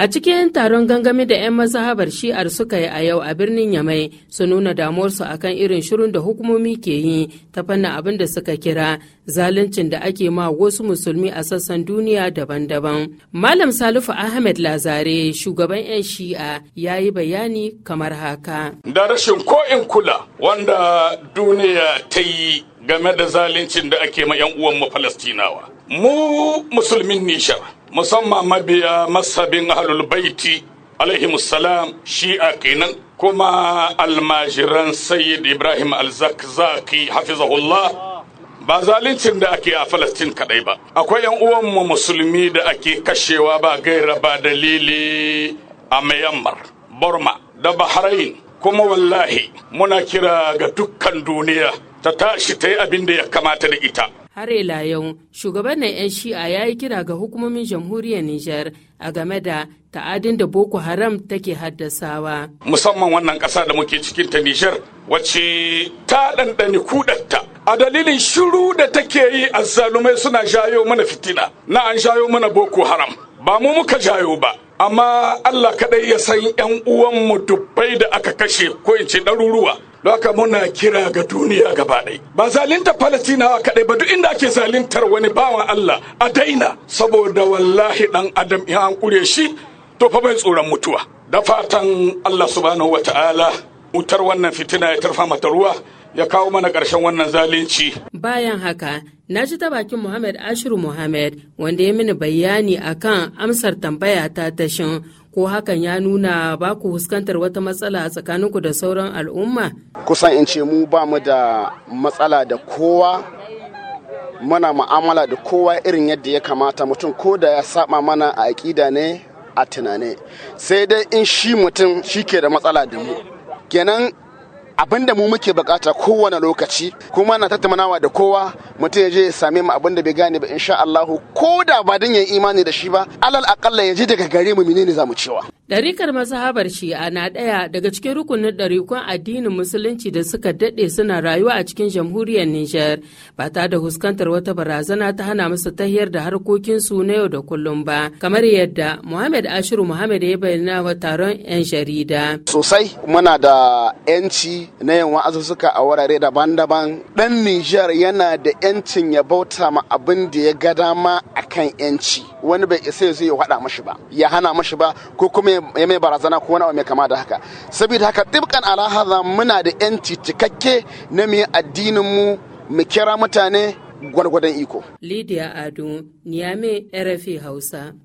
A cikin taron gangami da 'yan mazhabar shi'ar suka yi a yau a birnin Yamai su nuna damuwarsu a kan irin shirin da hukumomi ke yi ta fannin abin da suka kira zaluncin da ake ma wasu musulmi a sassan duniya daban-daban. Malam Salifu Ahmed Lazare shugaban 'yan shi'a ya yi bayani kamar haka. Da rashin ko'in kula wanda duniya ta yi game da zaluncin da ake ma 'yan uwanmu Falastinawa. Mu musulmin Nishar musamman mabiya masabin ahlul baiti shi a kenan kuma almajiran sayyid ibrahim alzakzaki hafizahullah ba zaluncin da ake a falastin kadai ba akwai yan uwanmu musulmi da ake kashewa ba gaira ba dalili a mayammar burma da bahrain kuma wallahi muna kira ga dukkan duniya ta tashi ta yi abin da ya kamata da ita har ila yau shugaban na 'yan shi'a ya yi kira ga hukumomin jamhuriyar nijar a game da ta'adin da boko haram take haddasawa musamman wannan kasa da muke cikin ta nijar wacce ta ɗanɗani kudatta a dalilin shiru da take yi a zalumai suna jayo mana fitina na an jayo mana boko haram ba mu muka jayo ba amma Allah kaɗai ya san 'yan uwanmu dubbai da aka kashe ko in ce ɗaruruwa Doka muna kira ga duniya gaba ɗai. Ba zalinta wa kaɗai ba duk inda ake zalintar wani bawan Allah a daina saboda wallahi ɗan Adam in an kure shi to fa bai tsoron mutuwa. Da fatan Allah subhanahu wata'ala mutar wannan fitina ya tarfa mata ruwa ya kawo mana ƙarshen wannan zalunci. Bayan haka na ji ta bakin Muhammad Ashiru Muhammad wanda ya mini bayani akan amsar tambaya ta tashin ko hakan ya nuna ba ku fuskantar wata matsala a tsakaninku da sauran al'umma kusan in ce mu ba mu da matsala da kowa muna ma'amala da kowa irin yadda ya kamata mutum ko da ya saba mana a aƙida ne a tunane sai dai in shi mutum shi ke da matsala da mu kenan abin da mu muke bukata kowane lokaci kuma na tattaunawa da kowa mutum ya je ya same mu abin da bai gane ba insha Allahu ko da ba dan yin imani da shi ba alal akalla ya je daga gare mu menene zamu cewa Ɗarikar mazhabar shi'a na ɗaya daga cikin rukunin ɗarikun addinin musulunci da suka daɗe suna rayuwa a cikin jamhuriyar Nijar ba ta da huskantar wata barazana ta hana musu tahiyar da harkokinsu na yau da kullum ba kamar yadda Muhammad Ashiru Muhammad ya bayyana wa taron 'yan jarida. Sosai muna da 'yanci na yin suka a wurare daban-daban. Ɗan Nijar yana da 'yancin ya bauta ma abin da ya ga dama akan 'yanci. Wani bai isa ya zo ya faɗa mashi ba, ya hana mashi ba ko kuma ya mai barazana ko wani mai kama da haka saboda haka dibkan ala hadha muna da yanci cikakke na mu addinin mu mu kira mutane gwargwadon iko Lydia Ado Niame rfa Hausa